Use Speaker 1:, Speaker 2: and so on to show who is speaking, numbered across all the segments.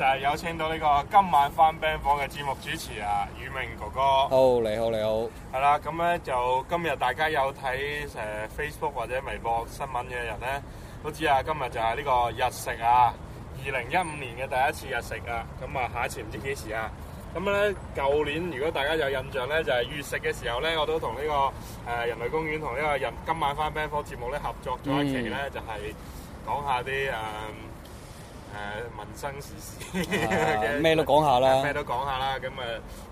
Speaker 1: 就係有請到呢個今晚翻 band 房嘅節目主持啊，宇明哥哥。好
Speaker 2: ，oh, 你好，你好。
Speaker 1: 係啦，咁咧就今日大家有睇誒 Facebook 或者微博新聞嘅人咧，都知啊，今日就係呢個日食啊，二零一五年嘅第一次日食啊。咁啊，下一次唔知幾時啊。咁咧，舊年如果大家有印象咧，就係、是、月食嘅時候咧，我都同呢、這個誒、呃、人類公園同呢個今晚翻 band 房節目咧合作咗一期咧，嗯、就係講下啲誒。呃誒民、uh, 生時事咩都講下啦，咩都講下啦。咁誒，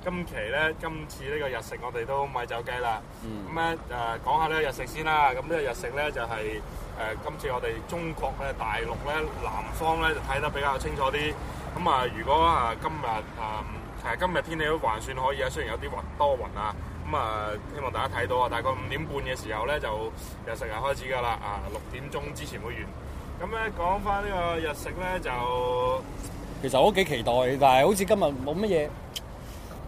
Speaker 1: 今期咧，今次呢個日食我哋都唔走雞啦。咁咧誒，講下呢個日食先啦。咁呢個日食咧就係、是、誒、啊，今次我哋中國咧大陸咧南方咧就睇得比較清楚啲。咁啊，如果啊今日啊其實今日天，天氣都還算可以啊，雖然有啲雲多雲啊。咁啊，希望大家睇到啊，大概五點半嘅時候咧就日食係開始㗎啦。啊，六點鐘之前會完。咁咧，講翻呢個日食
Speaker 2: 咧，就其實我都幾期待，但係好似今日冇乜嘢，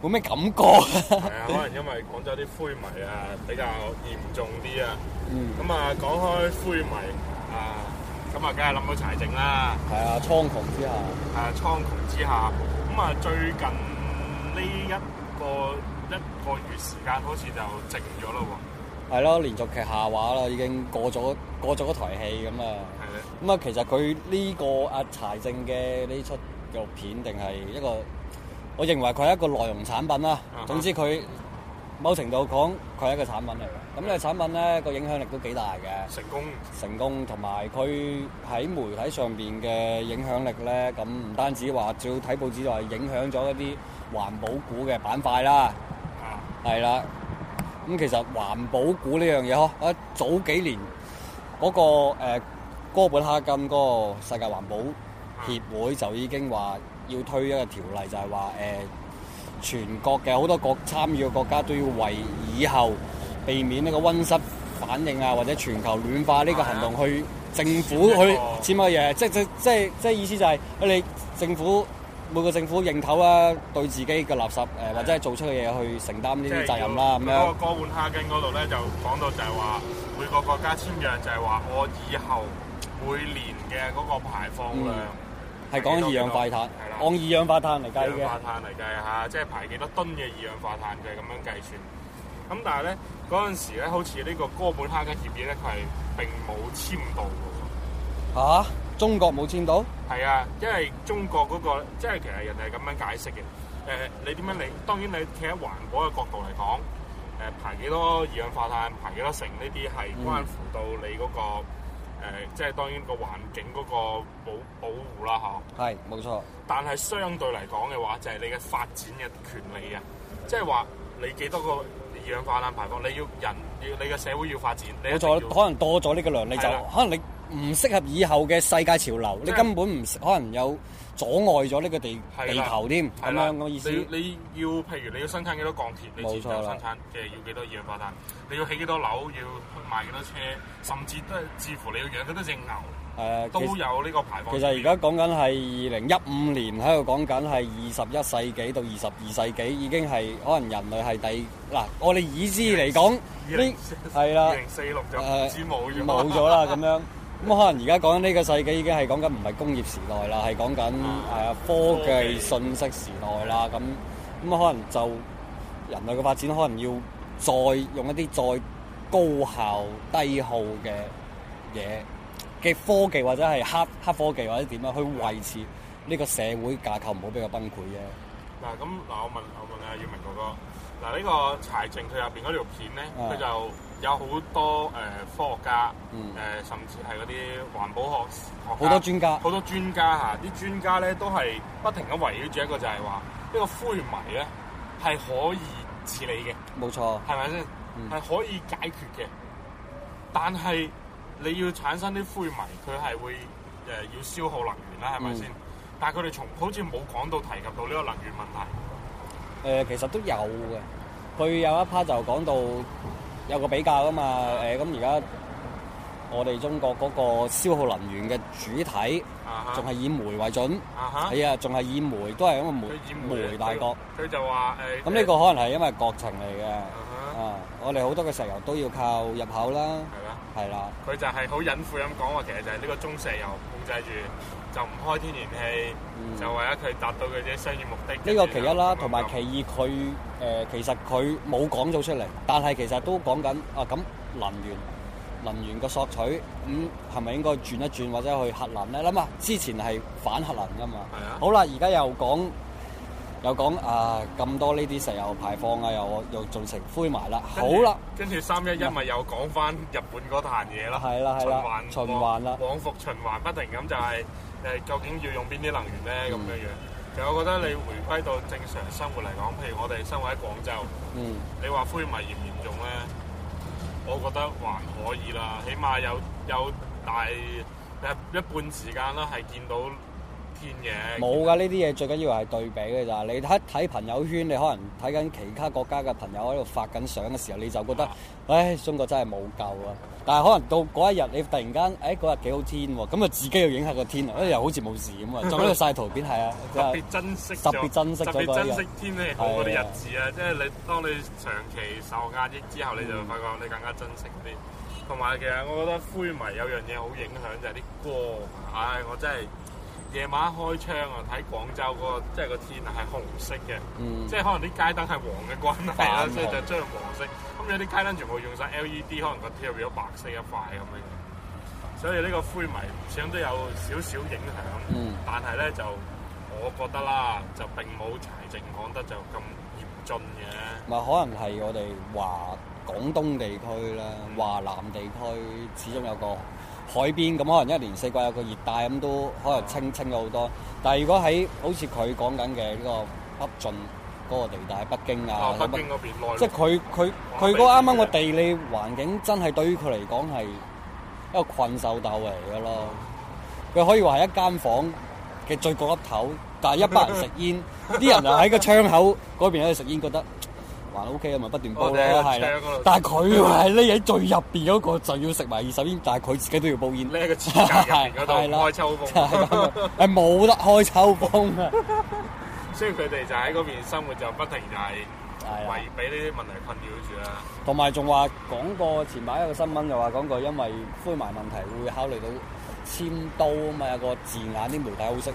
Speaker 2: 冇咩感覺。係 啊，可能
Speaker 1: 因為廣州啲灰霾啊比較嚴重啲、嗯、啊。
Speaker 2: 嗯。咁
Speaker 1: 啊，講開灰霾啊，咁啊，梗係諗到柴靜啦。
Speaker 2: 係啊，蒼穹之下。誒、啊，
Speaker 1: 蒼穹之下。咁啊，最近呢一個一個月時間，好似就靜咗咯
Speaker 2: 喎。係咯，連續劇下畫啦，已經過咗過咗嗰台戲咁啊。咁啊，其實佢呢個啊柴靜嘅呢出紀錄片，定係一個，我認為佢係一個內容產品啦。總之佢某程度講，佢係一個產品嚟嘅。咁呢個產品咧個影響力都幾大嘅，成功成功同埋佢喺媒體上邊嘅影響力咧，咁唔單止話，照睇報紙就係影響咗一啲環保股嘅板塊啦。係啦，咁其實環保股呢樣嘢呵，喺早幾年嗰個誒。哥本哈根嗰個世界環保協會就已經話要推一個條例就，就係話誒全國嘅好多國參與嘅國家都要為以後避免呢個温室反應啊，或者全球暖化呢個行動去政府去簽埋嘢，即即即即意思就係、是哎、你政府每個政府認頭啦、啊，對自己嘅垃圾誒、呃、或者係做出嘅嘢去承擔呢啲責任啦，係咪啊？哥
Speaker 1: 本哈根嗰度咧就講到就係話每個國家簽約就係話我以後。每年嘅嗰個排放
Speaker 2: 量係講、嗯、多二氧化碳，按二氧化碳嚟計嘅。化
Speaker 1: 碳嚟計嚇，即係排幾多噸嘅二氧化碳、啊、就係、是、咁、就是、樣計算。咁、嗯、但係咧，嗰陣時咧，好似呢個哥本哈根協議咧，佢係並冇簽到嘅。
Speaker 2: 嚇、啊！中國冇簽到？
Speaker 1: 係啊，因為中國嗰、那個即係其實人哋係咁樣解釋嘅。誒、啊，你點樣？理？嗯、當然你企喺環保嘅角度嚟講，誒排幾多二氧化碳，排幾多成呢啲係關乎到你嗰個、嗯。誒、呃，即係當然個環境嗰個保保，保護啦，吓、
Speaker 2: 啊、係，冇錯。
Speaker 1: 但係相對嚟講嘅話，就係、是、你嘅發展嘅權利啊，即係話你幾多個二氧化碳排放，你要人要你嘅社會要發展，冇錯，
Speaker 2: 可能多咗呢個量，你就的可能你唔適合以後嘅世界潮流，的你根本唔可能有。阻礙咗呢個地地球添，咁樣嘅意思。你你
Speaker 1: 要譬如你要生產幾多鋼鐵，你冇錯，生產嘅要幾多二氧化碳。你要起幾多樓，要去賣幾多車，甚至都係至乎你要養幾多隻
Speaker 2: 牛。誒，都有呢個排放。其實而家講緊係二零一五年，喺度講緊係二十一世紀到二十二世紀，已經係可能人類係第嗱我哋已知嚟講，呢係啦，零四六就已經冇咗啦，咁樣。咁可能而家講緊呢個世紀已經係講緊唔係工業時代啦，係講緊誒科技信息時代啦。咁咁、嗯、可能就人類嘅發展，可能要再用一啲再高效低耗嘅嘢嘅科技或者係黑黑科技或者點樣，去維持呢個社會架構唔好俾佢崩潰啫。嗱、
Speaker 1: 啊，咁嗱，我問我問阿耀明哥哥，嗱、這個、呢個柴靜佢入邊嗰條片咧，佢、嗯、就。有好多誒、呃、科學家，誒、呃、甚至係嗰啲環保學學家，好多專家，好多專家嚇，啲、啊、專家咧都係不停咁圍繞住一個就係話，呢、這個灰霾咧係可以治理嘅，
Speaker 2: 冇錯，係
Speaker 1: 咪先？係、嗯、可以解決嘅。但係你要產生啲灰霾，佢係會誒、呃、要消耗能源啦，係咪先？嗯、但係佢哋從好似冇講到提及到呢個能源問題。
Speaker 2: 誒、呃，其實都有嘅。佢有一 part 就講到。有個比較吖嘛，誒咁而家我哋中國嗰個消耗能源嘅主體，仲係、uh huh. 以煤為準，係啊、uh，仲、huh. 係以煤，都係因為煤煤，煤大國。
Speaker 1: 佢就話誒，咁呢、嗯呃、
Speaker 2: 個可能係因為國情嚟嘅，uh huh. 啊，我哋好多嘅石油都要靠入口啦。Uh huh. 係啦，
Speaker 1: 佢就係好隱晦咁講話，其實就係呢個中石油控制住，就唔開天然氣，嗯、就為咗佢達到佢啲商業目的。呢個其一
Speaker 2: 啦，同埋其二，佢、呃、誒其實佢冇講做出嚟，但係其實都講緊啊咁能源能源嘅索取，咁係咪應該轉一轉或者去核能咧？諗下之前係反核能噶嘛，係啊好啦，而家又講。又講啊咁多呢啲石油排放啊，又又，又造成灰霾啦。好啦，
Speaker 1: 跟住三一一咪又講返日本嗰壇嘢啦。係啦，係啦，循環循環啦，往復循環不停咁就係、是、誒，究竟要用邊啲能源咧？咁、嗯、樣樣。其實我覺得你回歸到正常生活嚟講，譬如我哋生活喺廣州，
Speaker 2: 嗯、
Speaker 1: 你話灰霾嚴唔嚴重咧？我覺得還可以啦，起碼有有大誒一半時間啦，係見到。冇
Speaker 2: 㗎，呢啲嘢，最緊要係對比嘅咋。你睇睇朋友圈，你可能睇緊其他國家嘅朋友喺度發緊相嘅時候，你就覺得，的唉，中國真係冇救啊！但係可能到嗰一日，你突然間，唉，嗰日幾好天喎，咁啊自己又影下個天啦，又好似冇事咁啊，就喺度晒圖片，係啊，特別珍惜，特別珍惜，特別珍惜天氣好啲日子啊！的即係你當你長期受壓抑之後，嗯、你就發覺你更加珍惜啲。同埋其實我覺得灰霾有樣嘢
Speaker 1: 好影響就係、是、啲歌。唉、哎，我真係。夜晚開窗啊，睇廣州嗰個即係個天啊，係紅色嘅，嗯、即係可能啲街燈係黃嘅關係啊，即係色就將黃色。咁、嗯、有啲街燈全部用晒 LED，可能個天入面有白色一塊咁樣。所以呢個灰霾相都有少少影響，嗯、但係咧就我覺得啦，就並冇柴靜講得就咁嚴峻嘅。
Speaker 2: 咪可能係我哋華廣東地區啦，華南地區始終有個。海邊咁可能一年四季有個熱帶咁都可能清清咗好多，但係如果喺好似佢講緊嘅呢個北進嗰個地帶，北京啊，啊北京即係佢佢佢嗰啱啱個地理環境真係對於佢嚟講係一個困獸鬥嚟嘅咯。佢、嗯、可以話係一間房嘅最角落頭，但係一班人食煙，啲 人就喺個窗口嗰邊喺度食煙，覺得。O K，咪不斷煲啫，但係佢係匿喺最入邊嗰個，就要食埋二手煙，但係佢自己都要煲煙。呢個窗有道開抽風，係冇得開抽風啊！所以
Speaker 1: 佢哋就喺嗰邊生活，就不停就係為俾呢啲問題困擾住
Speaker 2: 啦。同埋仲話講過前排一個新聞，就話講過因為灰霾問題會考慮到遷都啊嘛，有個字眼啲媒體好識，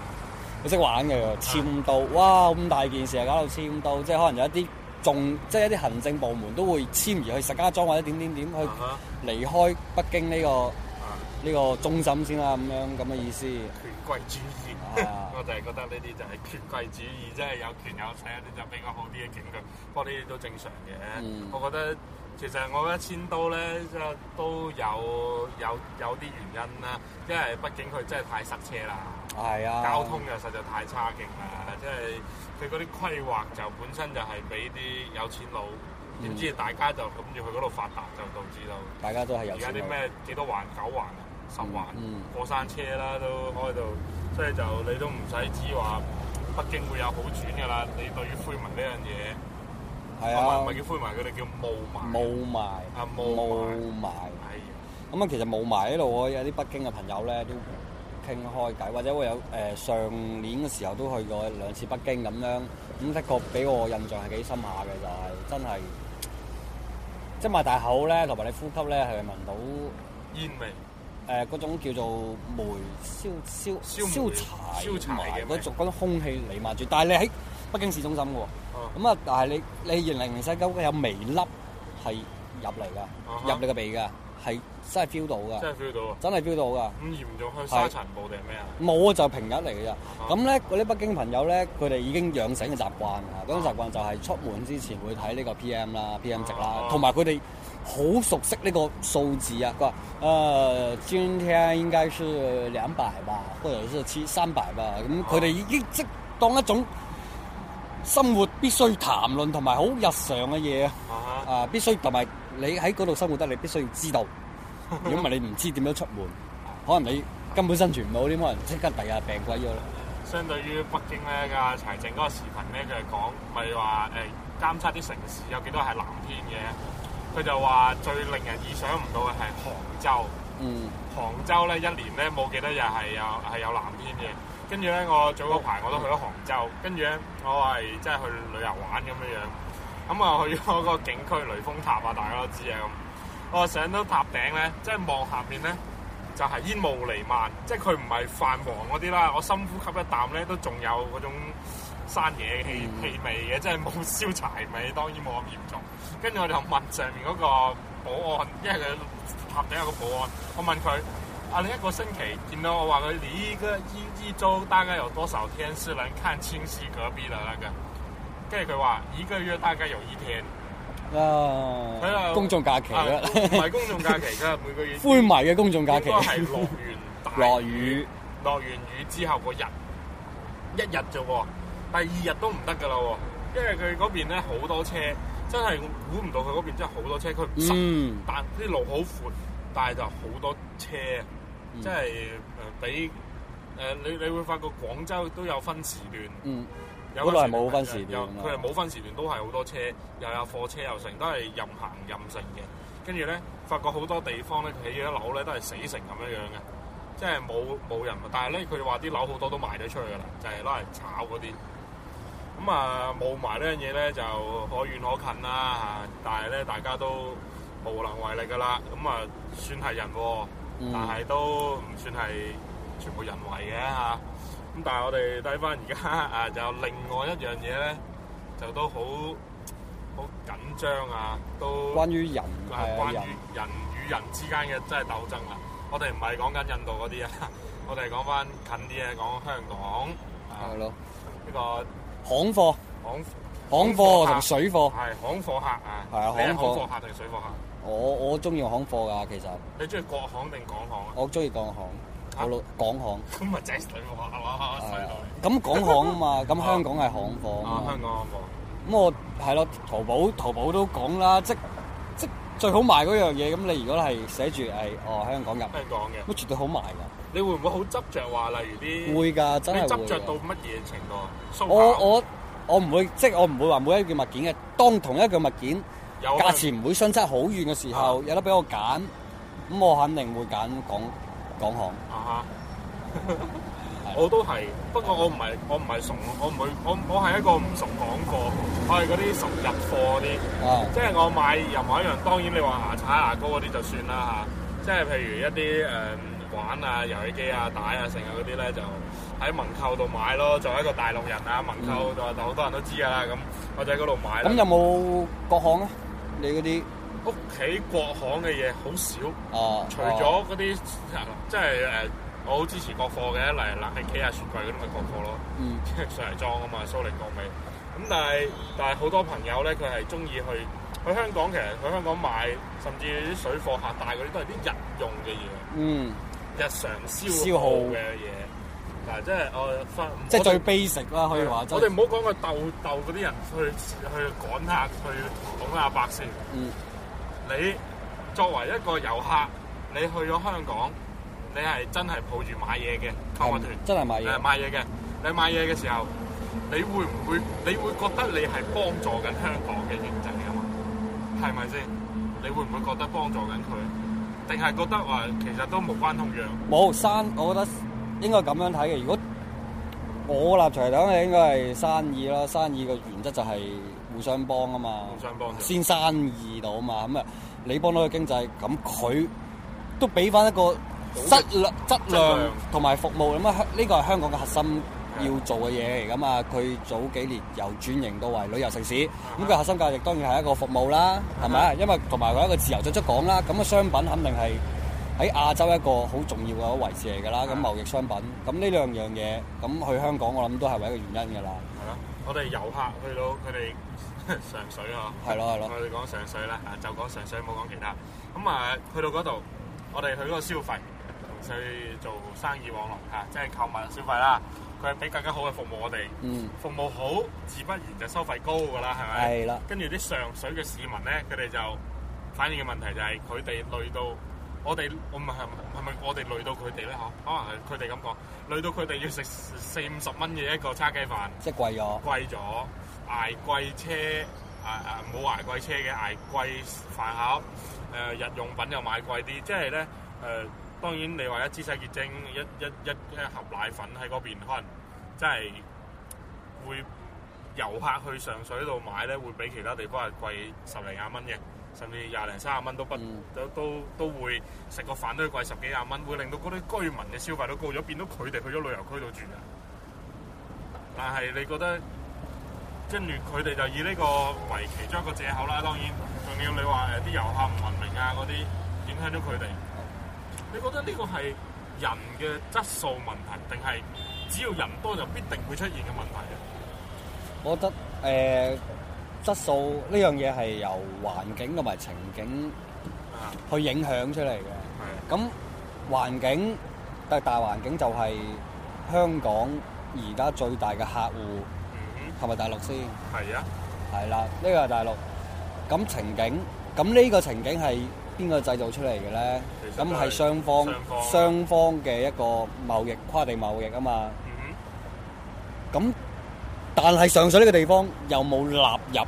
Speaker 2: 好識玩嘅遷都哇，咁大件事啊，搞到遷都，即係可能有一啲。仲即係一啲行政部門都會遷移去石家莊或者點點點去離開北京呢、這個呢、uh huh. 這個這個中心先啦，咁樣咁嘅意思。
Speaker 1: 權貴主義，uh huh. 我就係覺得呢啲就係權貴主義，即、就、係、是、有權有勢一啲就比較好啲嘅景象，不過呢啲都正常嘅，mm hmm. 我覺得。其實我覺得千刀咧，即都有有有啲原因啦。因為畢竟佢真係太塞車啦，
Speaker 2: 啊、交通又
Speaker 1: 實在太差勁啦。即係佢嗰啲規劃就本身就係俾啲有錢佬，
Speaker 2: 點、嗯、知大
Speaker 1: 家就諗住去嗰度發達，就導致到
Speaker 2: 大家都係有而家啲咩
Speaker 1: 幾多環九環
Speaker 2: 十環，嗯嗯、過
Speaker 1: 山車啦都開到，即係就你都唔使知話北京會有好轉㗎啦。你對於灰霾呢樣嘢？
Speaker 2: 係啊，唔係叫灰霾，佢哋叫霧霾。霧霾。啊霧霾。霧霾。係。咁啊，其實霧霾喺度喎，有啲北京嘅朋友咧都傾開偈，或者我有誒上年嘅時候都去過兩次北京咁樣，咁的確俾我印象係幾深下嘅就係真係，即係擘大口咧，同埋你呼吸咧係聞到煙味。誒，嗰種叫做煤燒燒燒柴嗰啲逐根空氣彌漫住，但係你喺北京市中心喎。咁啊，但係你你二零零七九有微粒係入嚟噶，啊、哈入你個鼻噶，係真係 feel 到噶，真係
Speaker 1: feel 到
Speaker 3: 啊，真
Speaker 2: 係 feel 到噶。咁嚴重去沙塵暴定係咩啊？冇啊，就平日嚟嘅啫。咁咧，嗰啲北京朋友咧，佢哋已經養成嘅習慣啊，嗰種習慣就係出門之前會睇呢個 PM 啦、PM 值啦，同埋佢哋好熟悉呢個數字啊。佢話：，誒、呃，今天應該是兩百吧，或者是千三百吧。咁佢哋已經即當一種生活必須談論同埋好日常嘅嘢啊！Uh huh. 啊，必須同埋你喺嗰度生活得，你必須要知道。如果唔係你唔知點樣出門， 可能你根本生存唔到，點可能即刻第二日病鬼咗啦。
Speaker 1: 相對於北京咧，噶柴靜嗰個視頻咧，佢係講，咪話誒監測啲城市有幾多係藍天嘅。佢就話最令人意想唔到嘅係杭州。嗯，杭州咧一年咧冇幾多日係有係有藍天嘅。跟住咧，我早嗰排我都去咗杭州。跟住咧，我係即係去旅遊玩咁樣樣。咁啊，去咗個景區雷峰塔啊，大家都知嘅咁。我上到塔頂咧，即係望下面咧，就係煙霧瀰漫。即係佢唔係泛黃嗰啲啦。我深呼吸一啖咧，都仲有嗰種山野氣味嘅，即係冇燒柴味，當然冇咁嚴重。跟住我就問上面嗰個保安，因為佢塔頂有個保安，我問佢。啊！你一個星期見到我話佢，你一一週大概有多少天是能看清晰隔壁的那個？跟住佢話一個月大概有一天。啊，
Speaker 2: 係啦，公眾假期啦。唔係 公眾假期，佢每個月灰霾嘅公眾假期。都係落完大落
Speaker 1: 雨 落雨，落完雨之後個日，一日啫喎。第二日都唔得噶啦喎，因為佢嗰邊咧好多車，真係估唔到佢嗰邊真係好多車。佢唔塞，但啲路好闊，但係就好多車。即係誒俾誒你，你會發覺廣州都有分時段，嗯、有個係冇分時段。佢係冇分時段，都係好多車，又有貨車又，又成，都係任行任成嘅。跟住咧，發覺好多地方咧起咗樓咧，都係死城咁樣樣嘅，即係冇冇人。但係咧，佢話啲樓好多都賣咗出去㗎啦，就係攞嚟炒嗰啲。咁、嗯、啊，霧霾呢樣嘢咧就可遠可近啦。嚇、啊，但係咧，大家都無能為力㗎啦。咁啊，算係人喎。但係都唔算係全部人為嘅嚇，咁、啊、但係我哋睇翻而家啊，就另外一樣嘢咧，就都好好緊張啊！
Speaker 2: 都關於人，係、啊、關於
Speaker 1: 人與人之間嘅真係鬥爭啦。我哋唔係講緊印度嗰啲啊，我哋係講翻近啲嘅，講香港。
Speaker 2: 係、啊、咯，呢的、這個行貨，行
Speaker 1: 行，行貨同水貨。係行貨客啊，係啊，行貨客定、啊、水貨客？
Speaker 2: 我我中意行貨㗎，其實。你
Speaker 1: 中意國行定港行啊？我
Speaker 2: 中意港行，我老港行。咁
Speaker 1: 咪真係蠢話咯。係。咁港行啊嘛，
Speaker 2: 咁香港係行貨。啊，香港行貨。咁我係咯，淘寶淘寶都講啦，即即最好賣嗰樣嘢。咁你如果係寫住係哦香港人，香港嘅，咁絕對好賣㗎。你會
Speaker 1: 唔會好執著話？例如啲會㗎，真係會。執著到乜嘢程度？
Speaker 2: 我我我唔會，即我唔會話每一件物件嘅，當同一個物件，價有錢唔會相差好遠嘅時候，啊、有得俾我揀，咁我肯定會揀港港行。啊哈，
Speaker 1: 的我都係，不過我唔係我唔係熟，我唔會，我我係一個唔熟港貨，我係嗰啲熟入貨嗰啲。哦、啊，即係我買任何一樣，當然你話牙刷牙膏嗰啲就算啦吓、啊，即係譬如一啲誒、嗯、玩啊遊戲機啊帶啊成啊嗰啲咧，就喺文購度買咯，作為一個大陸人啊，文購就就好多人都知噶啦，咁我就喺嗰度買。咁有
Speaker 2: 冇國行咧？你嗰
Speaker 1: 啲屋企國行嘅嘢好少，哦、除咗嗰啲即係誒、呃，我好支持國貨嘅，例如嗱，係企下雪櫃嗰啲咪國貨咯，即係上嚟裝啊嘛，蘇寧國美。咁但係但係好多朋友咧，佢係中意去去香港，其實去香港買，甚至啲水貨客帶嗰啲都係啲日用嘅嘢，
Speaker 2: 嗯、
Speaker 1: 日常消耗嘅嘢。嗱，即係我分，即係
Speaker 2: 最 basic 啦，可以話。的就我哋唔
Speaker 1: 好講個鬥鬥嗰啲人去去趕客去講阿伯事。嗯。你作為一個遊客，你去咗香港，你係真係抱住買嘢嘅購物團，真係買嘢、呃，買嘢嘅。你買嘢嘅時候，你會唔會？你會覺得你係幫助緊香港嘅經濟㗎嘛？係咪先？你會唔會覺得幫助緊佢？定係覺得話其實都冇關痛
Speaker 2: 癢？冇山，我覺得。應該咁樣睇嘅。如果我立場嚟講，係應該係生意啦。生意嘅原則就係互相幫啊嘛。互相幫先生意到嘛。咁啊，你幫到佢經濟，咁佢都俾翻一個質量、質量同埋服務。咁啊，香呢個係香港嘅核心要做嘅嘢嚟。咁啊，佢早幾年由轉型到為旅遊城市，咁佢核心價值當然係一個服務啦，係咪啊？因為同埋佢一個自由進出港啦。咁嘅商品肯定係。喺亞洲一個好重要嘅位置嚟㗎啦，咁貿易商品，咁呢兩樣嘢，咁去香港我諗都係為一個原因㗎啦。係咯，
Speaker 1: 我哋遊客去到佢哋 上水嗬了。係咯係咯。我哋講上水啦，啊了就講上水冇講其他。咁啊去到嗰度，我哋去嗰個消費，同埋做生意網絡嚇，即係購物消費啦。佢係俾更加好嘅服務我哋。嗯。服務好，自不然就收費高㗎啦，係咪？係啦了。跟住啲上水嘅市民咧，佢哋就反映嘅問題就係佢哋累到。我哋我唔係係咪我哋累到佢哋咧？嗬，可能係佢哋咁講，累到佢哋要食四五十蚊嘅一個叉雞飯，
Speaker 2: 即係貴咗。
Speaker 1: 貴咗，捱貴車誒誒！冇、呃、捱貴車嘅，捱貴飯盒，誒、呃、日用品又買貴啲。即係咧誒，當然你話一支洗潔精，一一一,一盒奶粉喺嗰邊，可能真係會遊客去上水度買咧，會比其他地方係貴十零廿蚊嘅。甚至廿零三十蚊都不、嗯、都都都會食個飯都要貴十幾廿蚊，會令到嗰啲居民嘅消費都高咗，變到佢哋去咗旅遊區度住啊！但係你覺得跟住佢哋就以呢個為其中一個藉口啦。當然，仲要你話誒啲遊客唔文明啊嗰啲，影響咗佢哋。嗯、你覺得呢個係人嘅質素問題，定係只要人多就必定會出現嘅問題啊？
Speaker 2: 我覺得誒。呃質素呢樣嘢係由環境同埋情景去影響出嚟嘅。咁環境，但係大環境就係香港而家最大嘅客戶係咪大陸先？係啊，係啦，呢個係大陸。咁情景，咁呢個情景係邊個製造出嚟嘅咧？咁係雙方雙方嘅一個貿易跨地貿易啊嘛。咁但係上水呢個地方有冇納入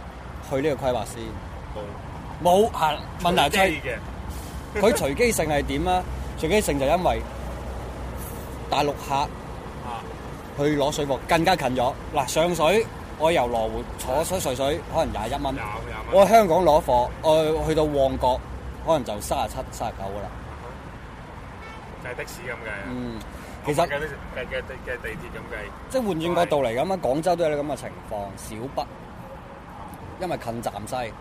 Speaker 2: 去呢個規劃先？冇，冇係，問題係佢隨機性係點啊？隨機性就因為大陸客去攞水貨更加近咗。嗱，上水我由羅湖坐出稅水可能廿一蚊，我喺香港攞貨，我去到旺角可能就三十七、三十九噶啦，
Speaker 1: 就係的士咁嘅。其實嘅嘅嘅地鐵咁計，
Speaker 2: 即係換轉角度嚟咁樣，廣州都有啲咁嘅情況，小北，因為近站西，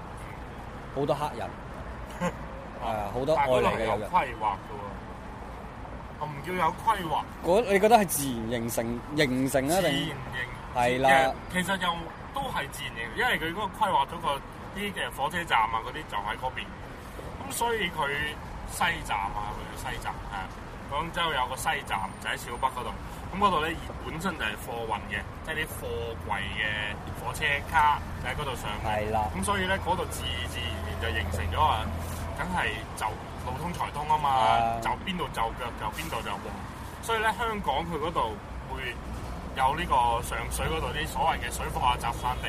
Speaker 2: 好多黑人，係啊，好多外來嘅人。有規劃
Speaker 1: 嘅喎，我唔叫有規
Speaker 2: 劃。你覺得係自然形成，形成啊定？自然形。係啦是。了其實
Speaker 1: 又都係自然形，因為佢嗰個規劃到個啲嘅火車站啊嗰啲就喺嗰邊，咁所以佢西站啊，佢叫西站啊。嗯。廣州有個西站，就喺、是、小北嗰度。咁嗰度咧，而本身就係貨運嘅，即係啲貨櫃嘅火車卡就喺嗰度上落。係啦的。咁所以咧，嗰度自自然而然就形成咗話，梗係就路通財通啊嘛。的就邊度就腳就邊度就。就就的所以咧，香港佢嗰度會有呢個上水嗰度啲所謂嘅水貨啊、集散地，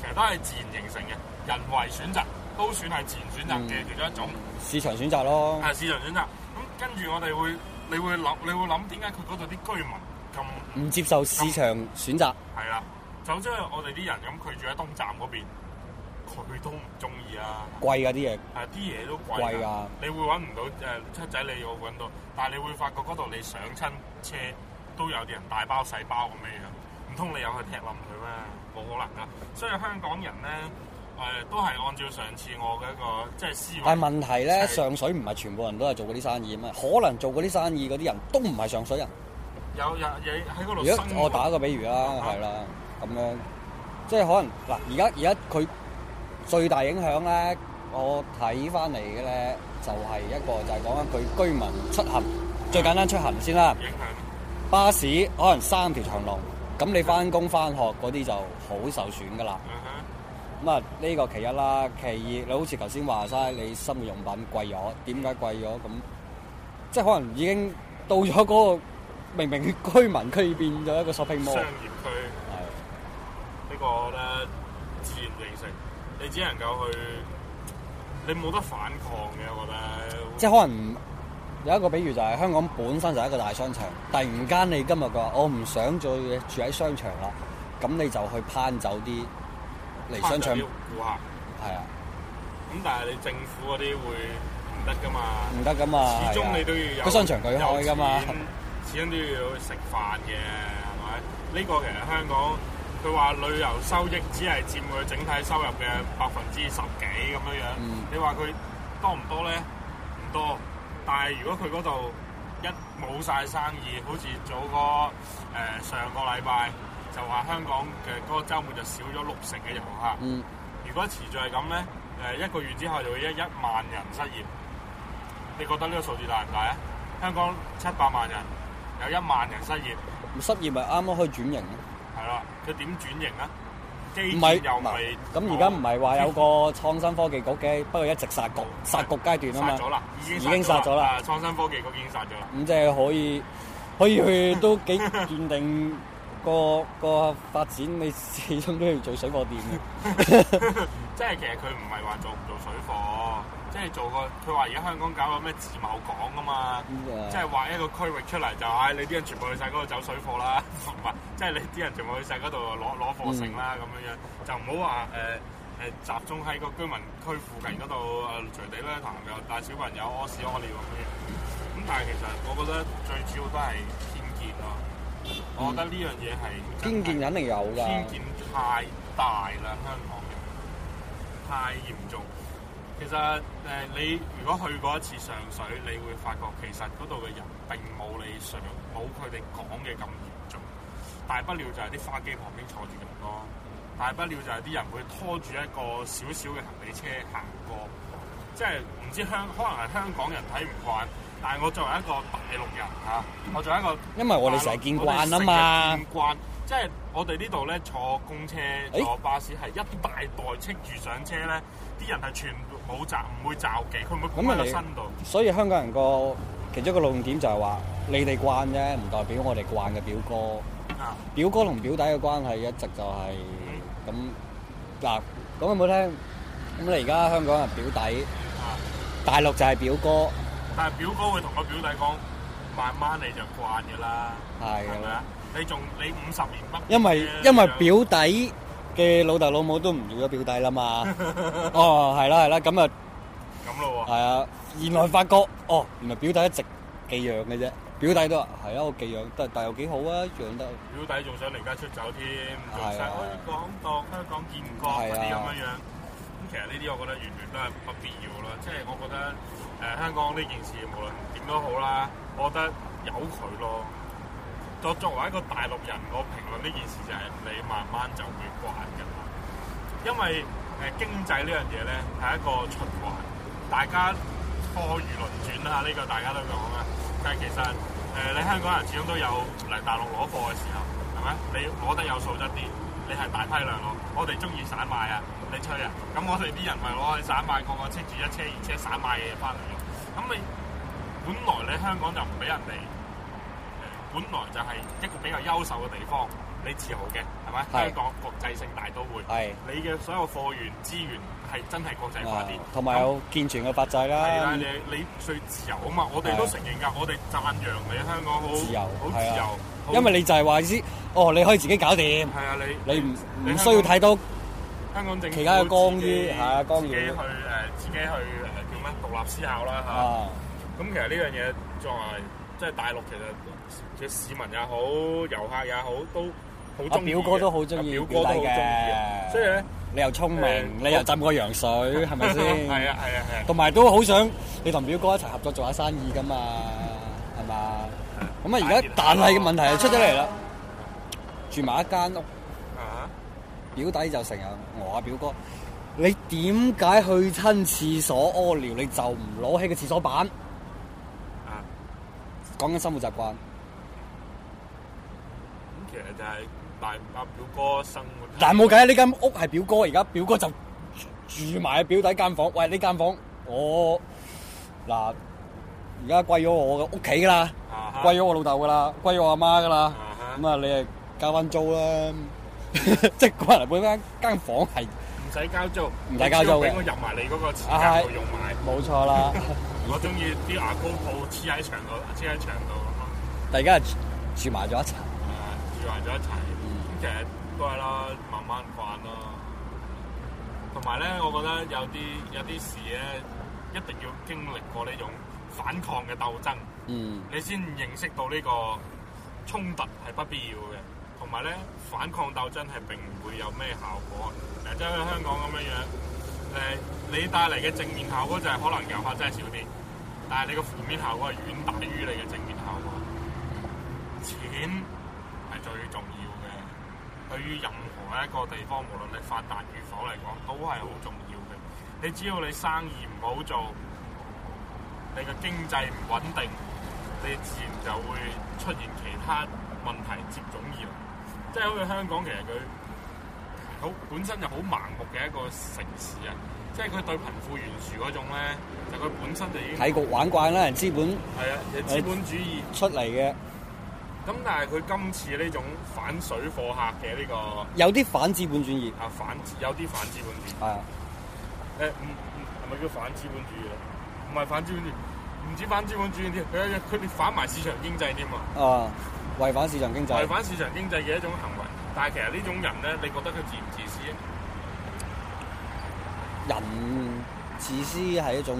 Speaker 1: 其實都係自然形成嘅，人為選擇都算係自然選擇嘅其中一種。
Speaker 2: 市場選擇咯。係
Speaker 1: 市場選擇。咁跟住我哋會。你會諗，你會諗點解佢嗰度啲居民咁唔
Speaker 2: 接受市場麼選擇？
Speaker 1: 係啦，就好、是、似我哋啲人咁，佢住喺東站嗰邊，佢都唔中意啊！
Speaker 2: 貴㗎啲嘢，
Speaker 1: 係啲嘢都貴㗎。貴的你會揾唔到誒、呃、七仔，你又揾到，但係你會發覺嗰度你上親車都有啲人大包細包咁嘅樣，唔通你有去踢冧佢咩？冇可能㗎、啊。所以香港人咧。誒，都係按照上次我嘅一個即係思，但
Speaker 2: 係問題咧，就係、上水唔係全部人都係做嗰啲生意啊嘛，可能做嗰啲生意嗰啲人都唔係上水人，
Speaker 1: 有有喺度。如果我打一
Speaker 2: 個比喻 Okay. 啦，係、嗯、啦，咁樣，即係可能嗱，而家而家佢最大影響咧，我睇翻嚟嘅咧，就係、係、一個就係講緊佢居民出行，嗯、最簡單出行先啦，影響巴士可能三條長龍，咁 Okay. 你翻工翻學嗰啲就好受損㗎啦。Okay. 咁啊，呢個其一啦，其二，你好似頭先話晒，你生活用品貴咗，點解貴咗？咁即係可能已經到咗嗰個明明居民區變咗一個 shopping mall。商業區
Speaker 1: 係呢個咧，自然形成，你只能夠去，你冇得反抗嘅，我覺得。即
Speaker 2: 係可能有一個比喻就係香港本身就係一個大商場，突然間你今日話我唔想再住喺商場啦，咁你就去攀走啲。嚟商場
Speaker 1: 要顧客，係啊。咁但係你政府嗰啲會唔得噶嘛，唔得噶嘛。始終你都要有。佢商場佢有噶嘛？始終都要食飯嘅，係咪？呢個其實香港佢話旅遊收益只係佔佢整體收入嘅百分之十幾咁樣樣。你話佢多唔多咧？唔多。但係如果佢嗰度一冇曬生意，好似早嗰誒上個禮拜。就話
Speaker 3: 香港嘅
Speaker 1: 嗰個周末就少咗六成嘅遊客。嗯、如果持續係咁咧，誒一個月之後就會一一萬人失業。你覺得呢個數字大唔大啊？香港七百萬人，有一萬
Speaker 2: 人失業。失業咪啱啱可以轉型咧？係
Speaker 1: 啦，佢點轉型啊？唔係又唔咁而家
Speaker 2: 唔係話有個創新科技局嘅，不過一直殺局是殺局階段啊嘛。殺咗啦，已經殺咗啦。了創新
Speaker 1: 科技局已經殺咗啦。
Speaker 3: 咁
Speaker 2: 即係可以可以去都幾斷定。 個個發展你始終都要做水貨店 即
Speaker 1: 係其實佢唔係話做唔做水貨、啊，即係做個佢話而家香港搞個咩自貿港啊嘛，Yeah. 即係話一個區域出嚟就嗌、哎、你啲人全部去晒嗰度走水貨啦，同埋即係你啲人全部去晒嗰度攞攞貨城啦咁、mm hmm. 樣樣，就唔好話誒誒集中喺個居民區附近嗰度、呃、隨地咧同有帶小朋友屙屎屙尿咁樣，咁但係其實我覺得最主要都係。嗯、我覺得呢樣嘢係
Speaker 2: 偏見，肯定有噶。偏見
Speaker 1: 太大啦，香港人太嚴重。其實誒、呃，你如果去過一次上水，你會發覺其實嗰度嘅人並冇你上，冇佢哋講嘅咁嚴重。大不了就係啲花機旁邊坐住咁多，大不了就係啲人會拖住一個少少嘅行李車行過。即係唔知香，可能係香港人睇唔慣。但係我作為一個大陸人嚇，我作為一個，啊、因為我哋成日見慣啊嘛，見慣，即係我哋呢度咧坐公車坐巴士係一大袋黐住上車咧，啲唉人係全部冇紮唔會罩忌。佢唔會碰喺個身度上。
Speaker 2: 所以香港人個其中一個論點就係話，你哋慣啫，唔代表我哋慣嘅表哥。表哥同表弟嘅關係一直就係、是、咁。嗱講句冇聽，咁你而家香港人表弟，大陸就係表哥。
Speaker 1: 但係表哥會同個表弟講，慢慢你就慣噶啦，係咪啊？你仲你五十年不因為，因為
Speaker 2: 表弟嘅老豆老母都唔要咗表弟啦嘛，哦係啦係啦咁啊，咁咯喎，係啊，原來發覺哦，原來表弟一直寄養嘅啫，表弟都話係啊，我寄養，但但又幾好啊，養得表弟仲想離家出
Speaker 1: 走添，仲想去講到香港建國嗰啲咁樣樣，咁其實呢啲我覺得完全都係不必要咯，即係我覺得。誒香港呢件事無論點都好啦，我覺得有佢咯。作作為一個大陸人，我評論呢件事就係你慢慢就會慣嘅啦。因為誒經濟呢樣嘢咧係一個循環，大家貨如輪轉啦，呢、這個大家都講啦。但係其實誒你香港人始終都有嚟大陸攞貨嘅時候，係咪？你攞得有素質啲，你係大批量攞，我哋中意散賣啊！你吹啊！咁我哋啲人咪攞去散賣，個個積住一車二車散賣嘢翻嚟咯。咁你本來你香港就唔俾人哋，本來就係一個比較優秀嘅地方，你自由嘅，係咪香港國際性大都會？係你嘅所有貨源資源係真係國際化啲，同埋有
Speaker 2: 健全嘅法制啦。係啦，你
Speaker 1: 你最自由啊嘛！我哋都承認㗎，我哋讚揚你香港
Speaker 2: 好自由，好自由。因為你就係話意思，哦，你可以自己搞掂。係啊，你你唔唔需要太多。
Speaker 1: 香港政府自己去誒，自己去誒叫咩？獨立思考啦嚇！咁其實呢樣嘢作為即係大陸其實嘅市民也好，遊客也好，都好。阿表哥都
Speaker 2: 好中意表弟嘅，所以咧你又聰明，你又浸過洋水，係咪先？係啊係啊係啊！同埋都好想你同表哥一齊合作做下生意噶嘛，係嘛？咁啊而家但係嘅問題係出咗嚟啦，住埋一間屋。表弟就成日我阿表哥，你點解去親廁所屙尿，你就唔攞起個廁所板？啊，講緊生活習慣。其
Speaker 1: 實就係大阿、啊、表哥生
Speaker 2: 活，但冇計呢間屋係表哥，而家表哥就住埋喺表弟間房間。喂，呢間房間我嗱而家歸咗我嘅屋企噶啦，歸咗、啊、哈我老豆噶啦，歸咗我阿媽噶啦。咁啊哈，你係交翻租啦。即係嗰間間房係唔
Speaker 1: 使交租，唔使交租俾我入埋你嗰個時間用埋，
Speaker 2: 冇錯、啊、啦。
Speaker 1: 我中意啲牙膏鋪黐喺牆度，黐喺牆度。
Speaker 2: 大家住埋咗一齊，
Speaker 1: 住埋咗一齊。咁、嗯、其實都係咯，慢慢慣咯。同埋咧，我覺得有啲有啲事咧，一定要經歷過呢種反抗嘅鬥爭，嗯，你先認識到呢個衝突係不必要嘅。同埋咧，反抗鬥爭係並唔會有咩效果。誒，即係好似香港咁樣樣，誒，你帶嚟嘅正面效果就係可能油花真係少啲，但係你個負面效果係遠大於你嘅正面效果。錢係最重要嘅，對於任何一個地方，無論你發達與否嚟講，都係好重要嘅。你只要你生意唔好做，你嘅經濟唔穩定，你自然就會出現其他問題接踵而來。即係好似香港，其實佢好本身就好盲目嘅一個城市啊！即係佢對貧富懸殊嗰種咧，就佢本身就已經睇局
Speaker 2: 玩慣啦。人資本係啊，資本主義出嚟嘅。
Speaker 1: 咁但係佢今次呢種反水貨客嘅呢個，
Speaker 2: 有啲反資本主義啊，反有啲反資本主義係啊。
Speaker 1: 誒唔係咪叫反資本主義咧？唔係反資本主義，唔止反資本主義啲，佢哋反埋市場經濟添嘛。
Speaker 2: 啊！違反市場經濟，違反市
Speaker 1: 場經濟嘅一種行為。但係其實呢
Speaker 2: 種人咧，你覺得佢自唔自私？人自私係一種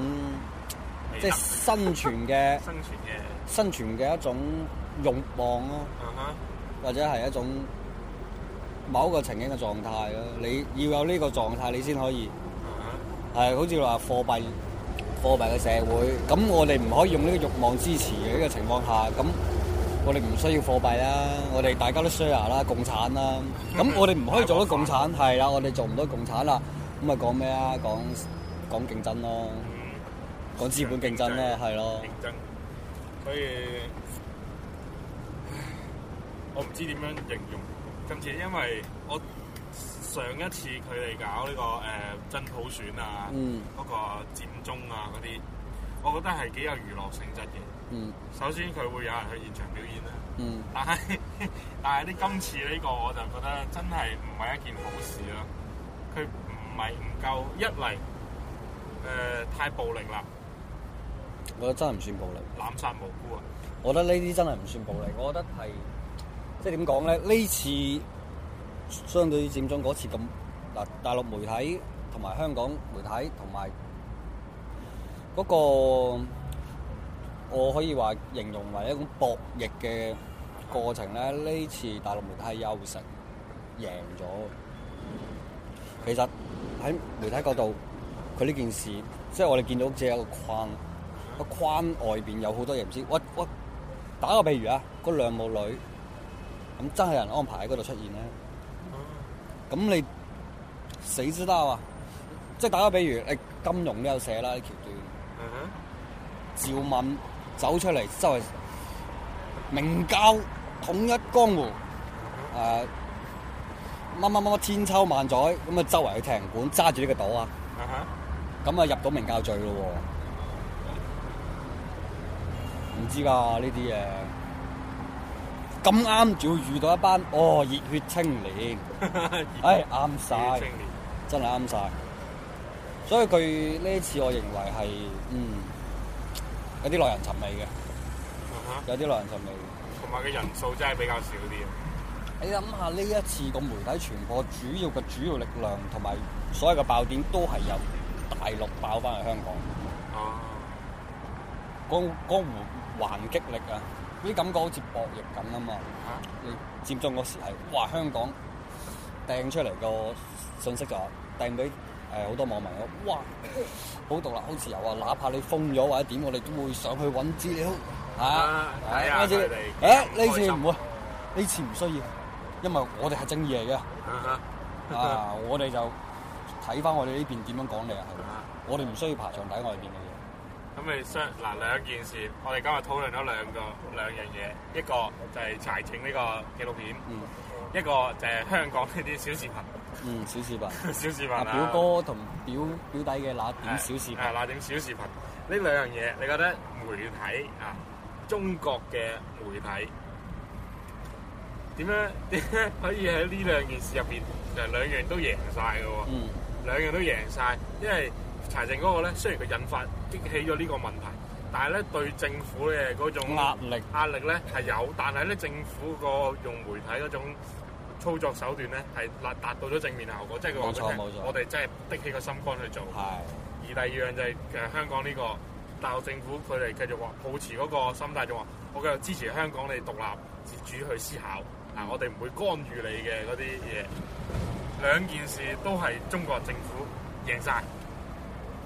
Speaker 2: 即係能生存嘅， 生存嘅的，生存嘅一種慾望咯。Uh huh. 或者係一種某一個情景嘅狀態咯、啊。你要有呢個狀態，你先可以係、uh huh. 好似話貨幣貨幣嘅社會。咁我哋唔可以用呢個慾望支持嘅呢個情況下咁。我哋唔需要貨幣啦，我哋大家都 share 啦，共產啦。咁 我哋唔可以做到共產，係 啦，我哋做唔到共產啦。咁啊，講咩啊？講講競爭咯，嗯、講資本競爭咧，係咯席。啦競爭。所以，
Speaker 1: 我唔知點樣形容今次，因為我上一次佢哋搞呢、呢個誒、呃、真普選啊，嗰、嗯、個佔中啊嗰啲，我覺得係幾有娛樂性質嘅。嗯，首先佢會有人去現場表演啦。嗯，但係但係啲今次呢個我就覺得真係唔係一件好事咯。佢唔係唔夠，一嚟誒、呃、太暴力啦。
Speaker 2: 我覺得真係唔算暴力。
Speaker 1: 濫殺無辜啊！
Speaker 2: 我覺得呢啲真係唔算暴力。我覺得係即係點講咧？呢次相對於佔中嗰次咁嗱，大陸媒體同埋香港媒體同埋嗰個。我可以話形容為一種博弈嘅過程咧。呢次大陸媒體優勝贏咗，其實喺媒體角度，佢呢件事即係我哋見到只有一個框，個框外邊有好多嘢唔知。我我打個比喻啊，嗰兩母女咁真係有人安排喺嗰度出現咧。咁你死知道啊！即係打個比喻，誒金融都有寫啦啲橋段，趙敏。Uh huh. 走出嚟，周圍明教統一江湖，誒乜乜乜千秋萬載，咁啊周圍去踢館揸住呢個島啊，
Speaker 1: 咁
Speaker 2: 啊、uh huh. 入到明教聚咯唔知㗎呢啲嘢，咁啱仲要遇到一班哦熱血青年，誒啱晒，哎、真係啱晒。所以佢呢次我認為係嗯。有啲耐人尋味嘅，uh huh. 有啲耐人尋味，
Speaker 1: 同埋嘅人數真係比較少啲。
Speaker 2: 你諗下呢一次個媒體傳播主要嘅主要力量同埋所有嘅爆點都係由大陸爆翻去香港，江江湖還擊力啊！啲感覺好似博弈咁啊嘛，你接、uh huh. 嗯、中個時係哇，香港掟出嚟個信息就話掟畀。誒，好多網民啊！哇，好獨立，好似又話。哪怕你封咗或者點，我哋都會上去搵資料吓。睇下先，誒、啊，呢次唔會，呢次唔需要，因為我哋係爭議嚟嘅。啊，我哋就睇翻我哋呢邊點樣講你啊！ 我哋唔需要爬牆底外邊嘅嘢。咁你
Speaker 1: 相嗱兩件事，我哋今日討論咗兩個兩樣嘢，一個就係柴靜呢個紀錄片，一個就係香港呢啲小視頻。
Speaker 2: 嗯，小視頻， 小視頻文、啊、表哥同表表弟嘅那點小視頻，係那點小
Speaker 1: 視頻。呢兩樣嘢，你覺得媒體啊，中國嘅媒體點樣點樣可以喺呢兩件事入邊，就兩樣都贏晒噶？嗯，兩樣都贏晒，因為柴靜嗰個咧，雖然佢引發激起咗呢個問題，但係咧對政府嘅嗰種壓力，壓力咧係有，但係咧政府個用媒體嗰種。操作手段咧係達達到咗正面嘅效果，即係我我哋真係的起個心肝去做。係的。而第二樣就係、是、其實香港呢、這個大陸政府佢哋繼續話抱持嗰個心態，仲話我繼續支持香港你獨立自主去思考。嗱、啊，我哋唔會干預你嘅嗰啲嘢。兩件事都係中國政府贏晒，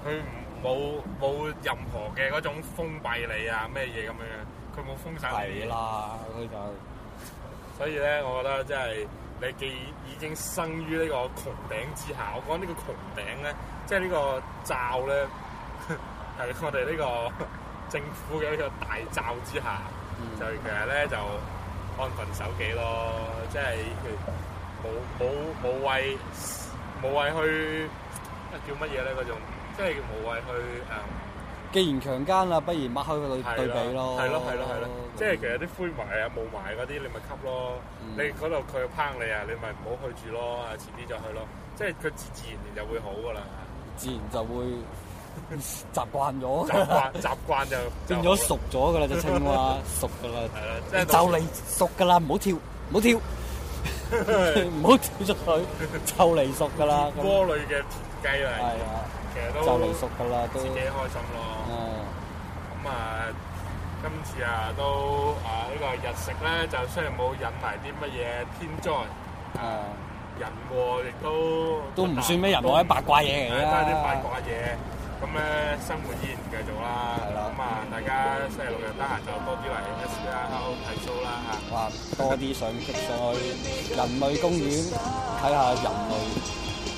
Speaker 1: 佢冇冇任何嘅嗰種封閉你啊咩嘢咁樣樣，佢冇封殺你啦，佢就所以咧，我覺得真係。你既已經生於呢個穹頂之下，我講緊呢個穹頂咧，即係呢個罩咧，喺 我哋呢個政府嘅呢個大罩之下，嗯、就其實咧就安分守己咯，即係冇冇冇謂冇謂去叫乜嘢咧？嗰種即係冇謂去誒。嗯
Speaker 2: 既然強奸啦，不如抹開佢對比咯。係咯係咯係咯，
Speaker 1: 即係其實啲灰霾啊、霧霾嗰啲，你咪吸咯。你嗰度佢又烹你啊，你咪唔好去住咯。啊，遲啲就去咯。即係佢自自然然就會好噶啦。
Speaker 2: 自然就會習慣咗，習慣習慣就變咗熟咗噶啦。隻青蛙熟噶啦，係啦，就嚟熟噶啦，唔好跳唔好跳唔好跳出去，就嚟熟噶啦。鍋裏
Speaker 1: 嘅田雞嚟。其實都就嚟熟噶啦，都自己開心咯。哦，咁啊，今次啊都啊呢個日食咧，就雖然冇引埋啲乜嘢天災啊人禍，亦都
Speaker 2: 都唔算咩人禍，啲八卦嘢嚟嘅啦。都係啲八
Speaker 1: 卦嘢。咁咧，生活依然繼續啦。係啦。咁啊，大家星期六日得閒就多啲嚟 S R O
Speaker 2: 睇 show 啦嚇。哇！多啲上出去人類公園睇下人類。